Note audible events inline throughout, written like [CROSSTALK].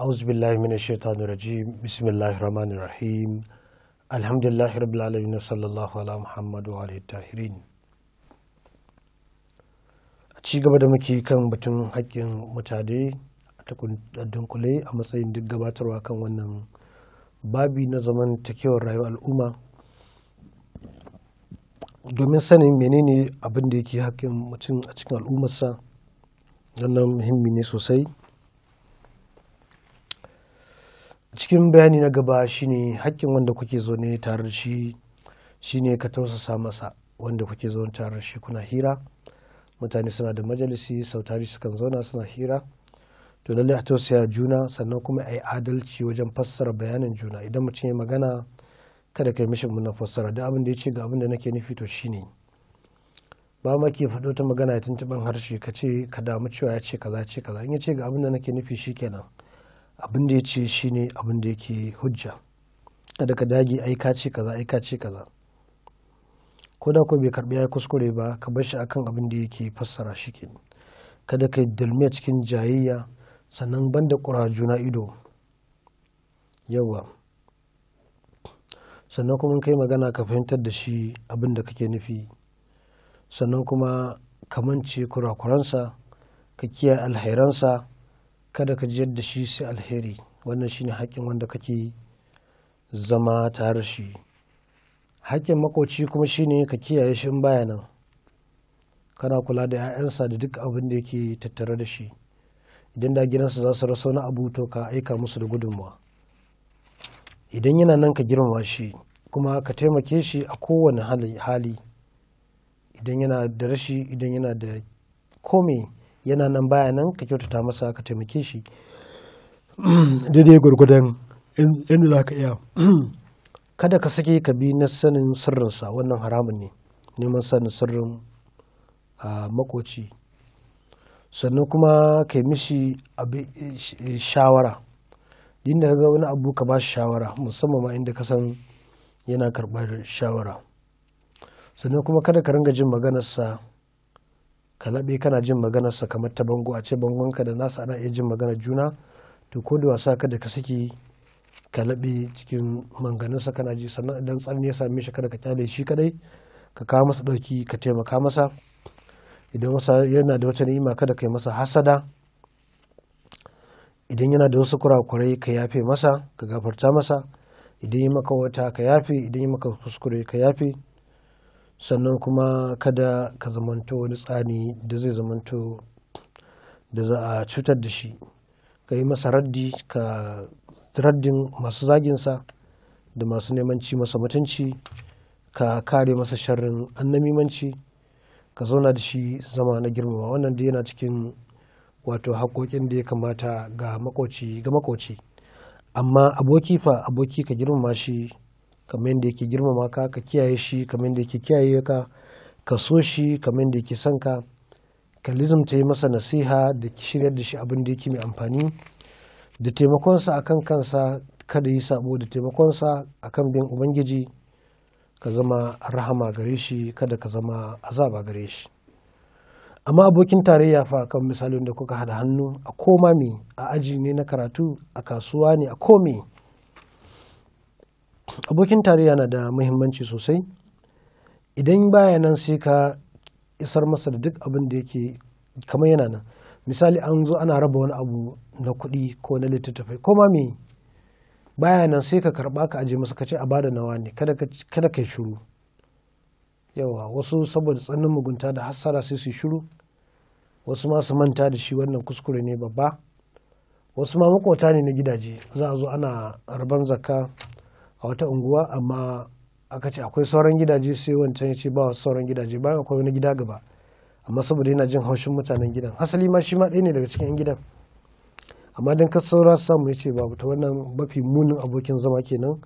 أعوذ bismillahirrahmanirrahim, من الشيطان الرجيم بسم الله الرحمن الرحيم الحمد لله ci gaba da muke kan batun haƙƙin mutane a dunkule a matsayin duk gabatarwa kan wannan babi na takewar rayuwar al'umma domin sanin menene abin da yake haƙƙin mutum a cikin al'ummarsa wannan muhimmi ne sosai cikin bayani na gaba shine hakkin wanda kuke zo ne tare da shi shine ka tausasa masa wanda kuke zo tare da shi kuna hira mutane suna da majalisi sautari sukan zauna suna hira to lallai a tausaya juna sannan kuma a yi adalci wajen fassara bayanin juna idan mutum ya magana kada kai mu mishi muna fassara da abin da ya ce ga abin da nake nufi to shine ba ma ke faɗo ta magana ya tuntuɓin harshe ka ce ka damu cewa ya ce kaza ce kaza in ya ce ga abin da nake nufi shi shikenan abin da ya ce shi ne abin da yake hujja kada ka dage aika ce kaza aika ce kaza ko da ko bai karbi ya kuskure ba ka bar shi akan abin da yake fassara shi ke kada ka dalmi cikin jayayya sannan da kura juna ido yawa sannan kuma kai magana ka fahimtar da shi abin da kake nufi sannan kuma kamance kurakuransa ka kiyaye alhairansa kada ka jiyar da shi sai alheri wannan shine haƙƙin wanda kake zama tare da shi haƙƙin makoci kuma shine ka kiyaye shi in baya nan kana kula da 'ya'yansa da duk abin da yake tattare da shi idan da gidansa za su rasa wani abu to ka aika musu da gudunmawa idan yana nan ka girmama shi kuma ka taimake shi a kowane hali idan yana da rashi idan yana da komai yana nan baya nan ka kyautata masa ka taimake shi [CLEARS THROAT] daidai gwargwadon yadda za ka iya [CLEARS THROAT] kada ka sake ka bi na sanin sirrinsa wannan haramun ne neman sanin sirrin a makoci sannan kuma ka yi mishi shawara inda ga wani abu ka ba shi shawara musamman ma inda ka san yana karbar shawara sannan kuma kada ka ringa jin maganarsa ka laɓe kana jin maganarsa kamar ta bango a ce bangonka da nasa ana iya jin maganar juna to ko da wasa kada ka saki ka laɓe cikin manganinsa kana ji sannan idan tsarni ya same shi kada ka kyale shi kadai ka kawo masa ɗauki ka taimaka masa idan wasa yana da wata ni'ima kada ka yi masa hasada idan yana da wasu kurakurai ka yafe masa ka gafarta masa idan yi maka wata ka yafe idan yi maka kuskure ka yafe sannan kuma kada ka zamanto wani tsani da zai zamanto da za a cutar da shi ka yi masa raddi ka raddin masu zaginsa da masu nemanci masa mutunci ka kare masa sharrin annamimanci ka zauna da shi zama na girmama wannan da yana cikin wato haƙoƙin da ya kamata ga makoci ga makoci amma aboki fa aboki ka girmama shi kamar yadda yake girmama ka ka kiyaye shi kamar yadda yake kiyaye ka ka so shi kamar yadda yake son ka ka ta yi masa nasiha da shiryar da shi abin da yake mai amfani da taimakonsa akan kansa kada yi sabo da taimakonsa akan bin ubangiji ka zama rahama gare shi kada ka zama azaba gare shi amma abokin tarayya fa kan misalin da kuka hada hannu a koma me a aji ne na karatu a kasuwa ne a kome abokin tarayya na da muhimmanci sosai idan baya nan sai ka isar masa da duk abin da yake kamar yana nan misali an zo ana raba wani abu na kuɗi ko na littattafai ko ma me baya nan sai ka karɓa ka aje masa kace a bada nawa ne kada ka shiru yawa wasu saboda tsanin mugunta da hassara sai su shiru wasu ma manta da shi wannan kuskure ne babba wasu ma makota ne na gidaje za a zo ana rabon zakka a wata unguwa amma aka ce akwai sauran gidaje sai wancan ya ce ba sauran gidaje bayan akwai wani gida gaba amma saboda yana jin haushin mutanen gidan asali ma shi ma ɗaya ne daga cikin 'yan gidan amma don ka saura samu ya ce babu ta wannan mafi munin abokin zama kenan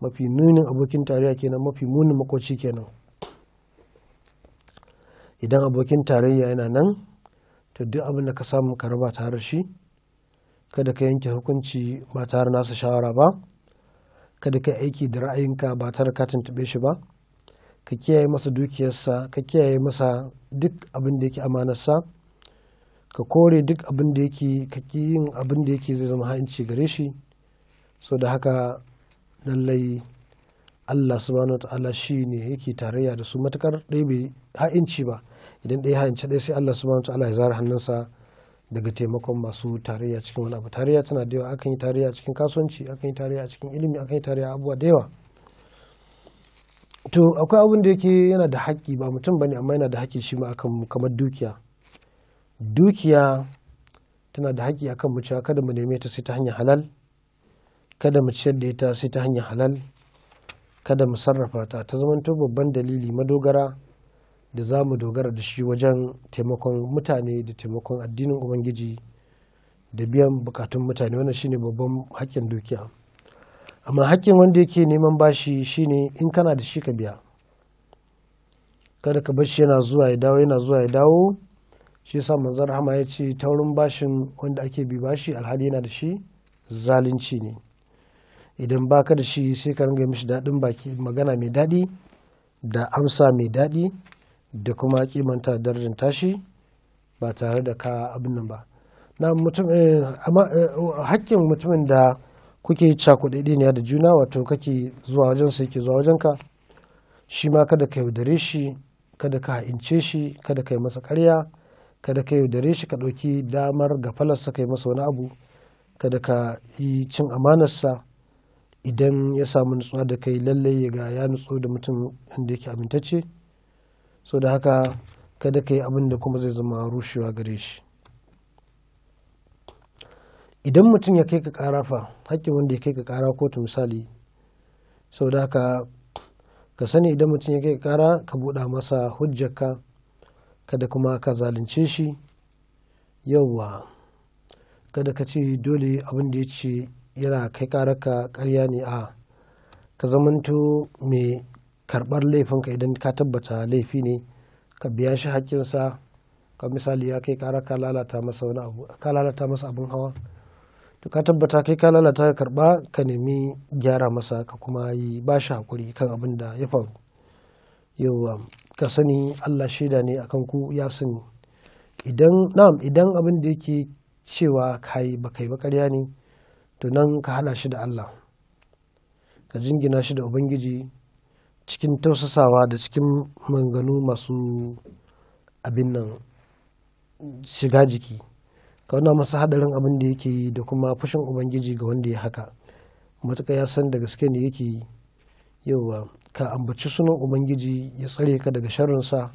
mafi nunin abokin tarayya kenan mafi munin makoci kenan idan abokin tarayya yana nan to duk abin da ka samu ka raba tare shi kada ka yanke hukunci ba tare nasa shawara ba kada ka aiki da ra'ayinka ba tare ka tuntube shi ba ka kiyaye masa dukiyarsa ka kiyaye masa duk abin da yake amanarsa ka kore duk abin da yake ka ki yin abin da yake zai zama ha'inci gare shi so da haka lallai Allah subhanahu ta'ala shi ne yake tarayya da su matukar ɗaya bai ha'inci ba idan ɗaya ha'inci ɗaya sai Allah subhanahu ta'ala ya zara hannunsa daga taimakon masu tarayya cikin wani abu tarayya tana da yawa akan yi tarayya cikin kasuwanci akan yi tarayya cikin ilimi akan yi tarayya abubuwa da yawa to akwai abin da yake yana da haƙƙi ba mutum bane amma yana da haƙƙi shi ma akan kamar dukiya dukiya tana da haƙƙi akan mu cewa kada mu neme ta sai ta hanyar halal kada mu ciyar da ita sai ta hanyar halal kada mu sarrafa ta ta zamanto babban dalili madogara da za mu dogara da shi wajen taimakon mutane da taimakon addinin ubangiji da biyan bukatun mutane wannan shine babban hakkin dukiya amma hakkin wanda yake neman bashi shine in kana da shi ka biya kada ka bar shi yana zuwa ya dawo yana zuwa ya dawo shi yasa manzon rahama ya ce taurin bashin wanda ake bi bashi alhali yana da shi zalunci ne idan baka da shi sai ka ringa mishi daɗin baki magana mai daɗi da amsa mai daɗi da kuma kimanta darajar tashi ba tare da ka abin nan ba na mutum eh, eh, hakkin mutumin da kuke ne da juna wato kake zuwa wajen su yake zuwa ka shi ma kada ka yaudare shi kada ka ha'ince shi kada ka yi masa karya kada ka yaudare shi ka ɗauki damar ga falarsa ka yi masa wani abu kada ka yi cin amanarsa idan ya samu nutsuwa da kai lallai ya ga ya nutsu da mutum inda yake amintacce so da haka kada ka yi abin da kuma zai zama rushewa gare shi idan mutum ya kai ka kara fa hakkin wanda ya kai ka kara kotu misali sau da haka ka sani idan mutum ya kai ka kara ka buɗa masa hujjarka kada kuma ka zalunce shi yauwa kada ka ce dole abin da ya ce yana kai karaka karya ne a ka zamanto mai karɓar laifinka idan ka tabbata laifi ne ka biya shi haƙƙinsa ka misali ya kai kara ka lalata masa abin hawa to ka tabbata kai ka lalata ka karba ka nemi gyara masa ka kuma yi ba shi haƙuri kan abin da ya faru yawa ka sani Allah shaida ne akan ku ya sani idan na'am idan abin da yake cewa ka yi ba kai ba ne to nan ka hada shi da Allah ka jingina shi da ubangiji cikin tausasawa da cikin manganu masu abin nan shiga jiki ka nuna masa hadarin abin da yake yi da kuma fushin ubangiji ga wanda ya haka matuka ya san da gaske ne yake yi yauwa ka ambaci sunan ubangiji ya tsare ka daga sharrinsa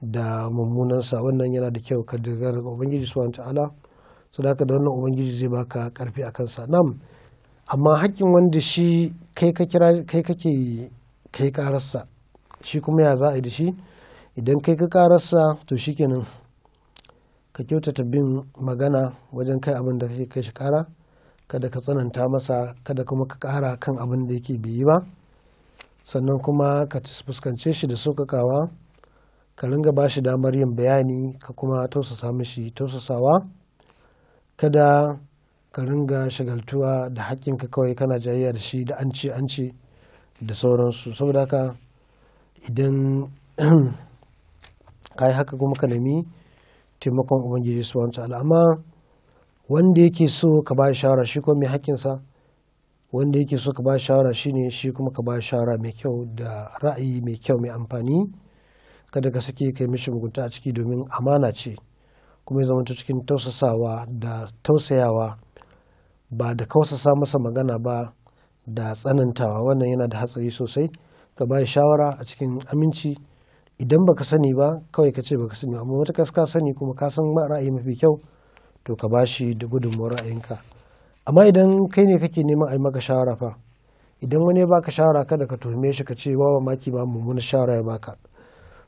da mummunansa wannan yana da kyau ka daga daga ubangiji subhanahu ta'ala su da haka da wannan ubangiji zai baka karfi a kansa nam amma hakkin wanda shi kai ka kira kai kake kai ƙararsa shi kuma ya za a yi da shi idan kai ka kararsa to shi kenan ka kyautata bin magana wajen kai abin da kai kai shi ƙara kada ka tsananta masa kada kuma ka ƙara kan abin da yake bai yi ba sannan kuma ka fuskance shi da sauƙaƙawa ka ringa ba shi damar yin bayani ka kuma tausasa mishi tausasawa kada ka ringa shagaltuwa da haƙƙinka kawai kana jayayya da shi da an ce an ce da sauransu saboda haka idan [CLEARS THROAT] ka yi haka kuma ka nemi taimakon ubangiji su wani amma wanda yake so ka ba shawara shi kuma mai hakinsa wanda yake so ka ba shawara shi ne shi kuma ka ba shawara mai kyau da ra'ayi mai kyau mai amfani kada ka sake kai mishi mugunta a ciki domin amana ce kuma ya zama cikin tausasawa da tausayawa ba da kausasa masa magana ba da tsanantawa wannan yana da hatsari sosai ka ba shawara a cikin aminci idan baka sani ba kawai ka ce baka sani amma matakas ka sani kuma ka san ra'ayi mafi kyau to ka bashi da gudunmuwar ra'ayinka amma idan kai ne kake neman a yi maka shawara fa idan wani ya baka shawara kada ka tuhume shi ka ce wa maki ba mummuna shawara ya baka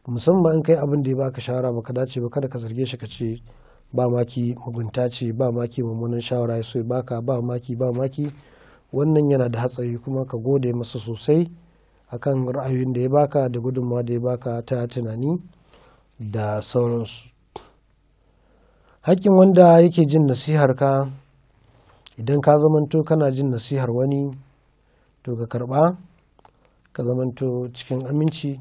musamman in kai abin da ya baka shawara baka dace ba kada ka zarge shi ka ce ba maki mugunta ce ba maki mummunan shawara ya so ya baka ba maki ba maki wannan yana da hatsari kuma ka gode masa sosai akan ra'ayoyin da ya baka da gudunmawa da ya baka ta tunani da sauransu hakkin wanda yake jin nasihar ka idan ka zamanto kana jin nasihar wani to ka karɓa ka zamanto cikin aminci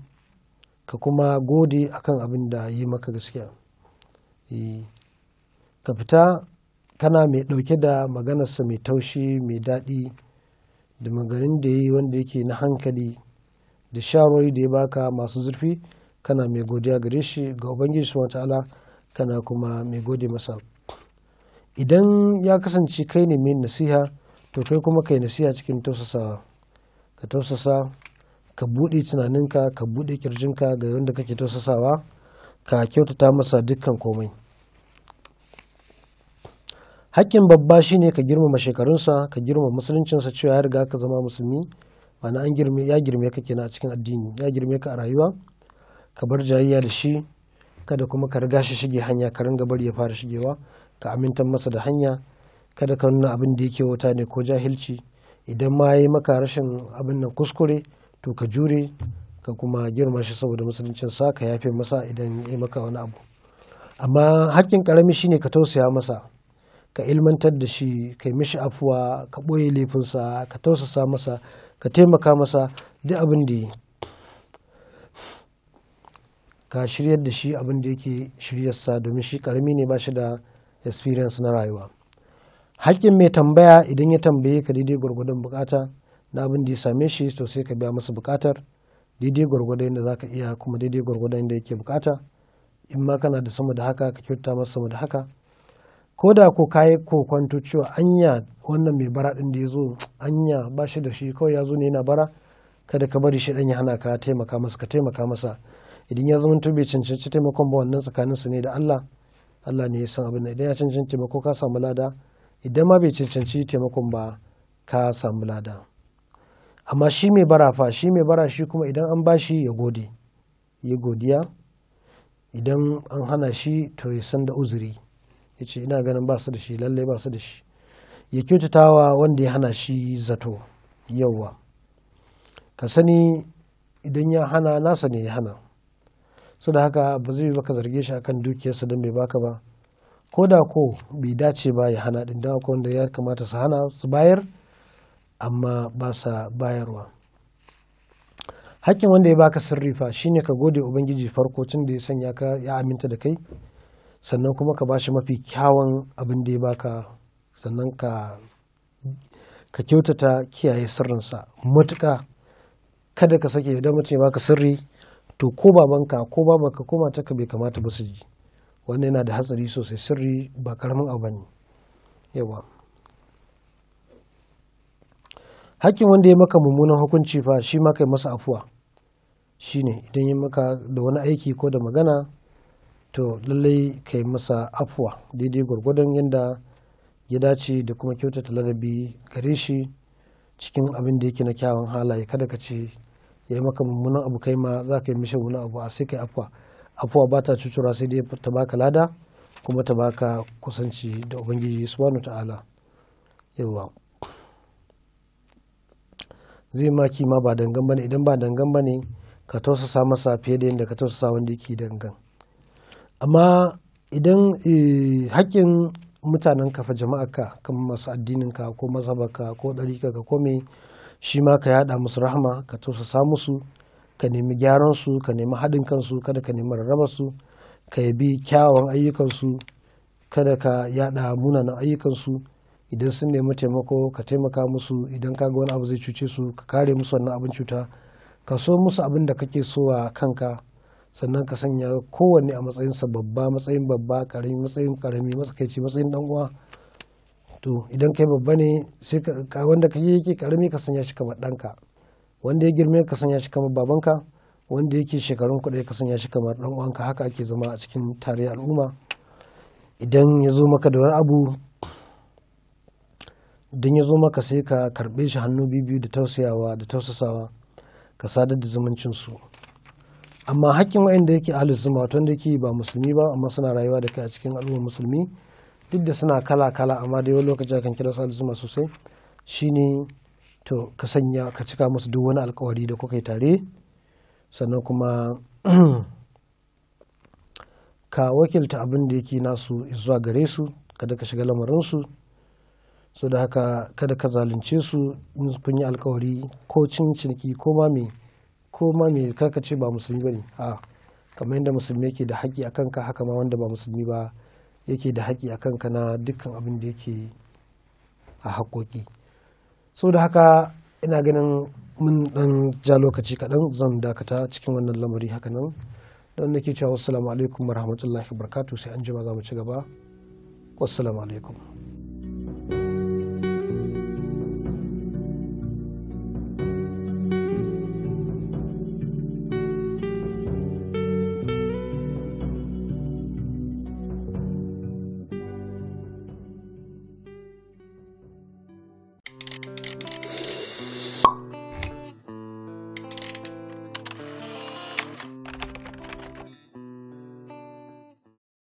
ka kuma gode akan abin da yi maka gaskiya eh, ka fita kana mai ɗauke da maganarsa mai taushi mai daɗi da maganin da yi wanda yake na hankali da shawarwari da ya baka masu zurfi kana mai godiya gare shi ga ubangiji su ta'ala kana kuma mai gode masa idan ya kasance kai ne mai nasiha to kai kuma kai nasiha cikin tausasawa ka tausasa ka buɗe tunaninka ka buɗe kirjinka ga wanda kake tausasawa ka kyautata masa dukkan komai hakkin babba shine ka girmama shekarunsa ka girmama musuluncinsa cewa ya riga ka zama musulmi ma'ana an girme ya girme ka kenan a cikin addini ya girme ka a rayuwa ka bar jayayya da shi kada kuma ka riga shi shige hanya ka ringa bari ya fara shigewa ka amintan masa da hanya kada ka nuna abin da yake wuta ne ko jahilci idan ma yi maka rashin abin nan kuskure to ka jure ka kuma girma shi saboda musuluncinsa ka yafe masa idan ya maka wani abu amma hakkin karami shine ka tausaya masa ka ilmantar da shi ka yi mishi afuwa ka ɓoye laifinsa ka tausasa masa ka taimaka masa duk abin da yi ka shiryar da shi abin da yake shiryarsa domin shi karami ne ba shi da experience na rayuwa haƙƙin mai tambaya idan ya tambaye ka daidai gwargwadon bukata na abin da ya same shi to sai ka biya masa bukatar daidai gwargwadon yadda za ka iya kuma daidai gwargwadon yadda yake bukata in ma kana da sama da haka ka kyauta masa sama da haka ko da ko kayi kokwanto cewa anya wannan mai bara din da ya zo anya ba shi da shi kawai ya zo ne yana bara kada ka bari shi dan ya hana ka taimaka masa ka taimaka masa idan ya zama bai cancanci taimakon ba wannan tsakanin su ne da Allah Allah ne ya san abin idan ya cancanci taimako ka samu lada idan ma bai cancanci taimakon ba ka samu lada amma shi mai bara fa shi mai bara shi kuma idan an ba shi ya gode ya godiya idan an hana shi to ya san da uzuri ya ce ina ganin ba su da shi lallai ba su da shi ya kyautatawa wanda ya hana shi zato yauwa ka sani idan ya hana nasa ne ya hana su da haka ba zai baka zarge shi akan dukiyarsa don bai baka ba ko da ko bai dace ba ya hana din don wanda ya kamata su hana su bayar amma ba sa bayarwa hakkin wanda ya baka sirrifa shine ka gode ubangiji farko tun da ya sanya ka ya aminta da kai sannan kuma ka bashi mafi kyawun abin da ya baka sannan ka ka kyautata kiyaye sirrinsa matuka kada ka sake idan mutum ya baka sirri to ko babanka ko babanka ko matarka bai kamata ba su ji wannan yana da hatsari sosai sirri ba karamin abu ne yawa hakkin wanda ya maka mummunan hukunci fa shi ma kai masa afuwa shine idan ya maka da wani aiki ko da magana to lallai ka yi masa afuwa daidai gwargwadon yadda ya dace da kuma kyautata ladabi gare shi cikin abin da yake na kyawun halaye kada ka ce ya yi maka mummunan abu kai ma za ka yi mishi wani abu a sai ka yi afuwa afuwa ba ta cutura sai dai ta baka lada kuma ta baka kusanci da ubangiji subhanahu ta'ala yawa zai maki ma ba dangan bane idan ba dangan bane ka tausasa masa fiye da yadda ka tausasa wanda yake dangan amma idan eh, haƙƙin mutanen kafa jama'a ka kan masu addinin ka ko mazhabaka ko ɗarika ka ko me shi ma ka yaɗa musu rahama ka tausasa musu ka nemi gyaran su ka nemi haɗin kansu kada ka nemi rarraba su ka yabi kyawawan ayyukan su kada ka yaɗa munanan ayyukan su idan sun nemi taimako ka taimaka musu idan ka ga wani abu zai cuce su ka kare musu wannan abin cuta ka so musu abin da kake so wa kanka sannan ka sanya kowanne a matsayinsa babba matsayin babba karami matsayin karami matsakaici matsayin dan uwa to idan kai babba ne sai ka wanda ka yake karami ka sanya shi kamar danka wanda ya girme ka sanya shi kamar babanka wanda yake shekarun kuɗi ka sanya shi kamar dan uwanka haka ake zama a cikin tarihi al'umma idan ya zo maka da wani abu idan ya zo maka sai ka karbe shi hannu biyu da tausayawa da tausasawa ka sadar da zumuncinsu su amma hakkin wa'anda yake ahlus sunna wato wanda yake ba musulmi ba amma suna rayuwa da kai a cikin al'ummar musulmi duk da suna kala kala amma da wani lokaci akan kira su ahlus zuma sosai shine to ka sanya ka cika musu duk wani alkawari da kuka yi tare sannan kuma [CLEARS THROAT] ka wakilta abin da yake nasu zuwa gare su kada ka shiga lamarinsu so da haka kada ka zalunce su kun yi alkawari ko cin ciniki ko ma ko ma me karka ce ba musulmi bane a kamar yadda musulmi yake da haƙƙi a kanka haka ma wanda ba musulmi ba yake da haƙƙi a kanka na dukkan abin da yake a haƙoƙi so da haka ina ganin mun dan ja lokaci kaɗan zan dakata cikin wannan lamari haka nan don nake cewa wasu alaikum wa wabarakatuh sai an jima za mu ci gaba wassalamu alaikum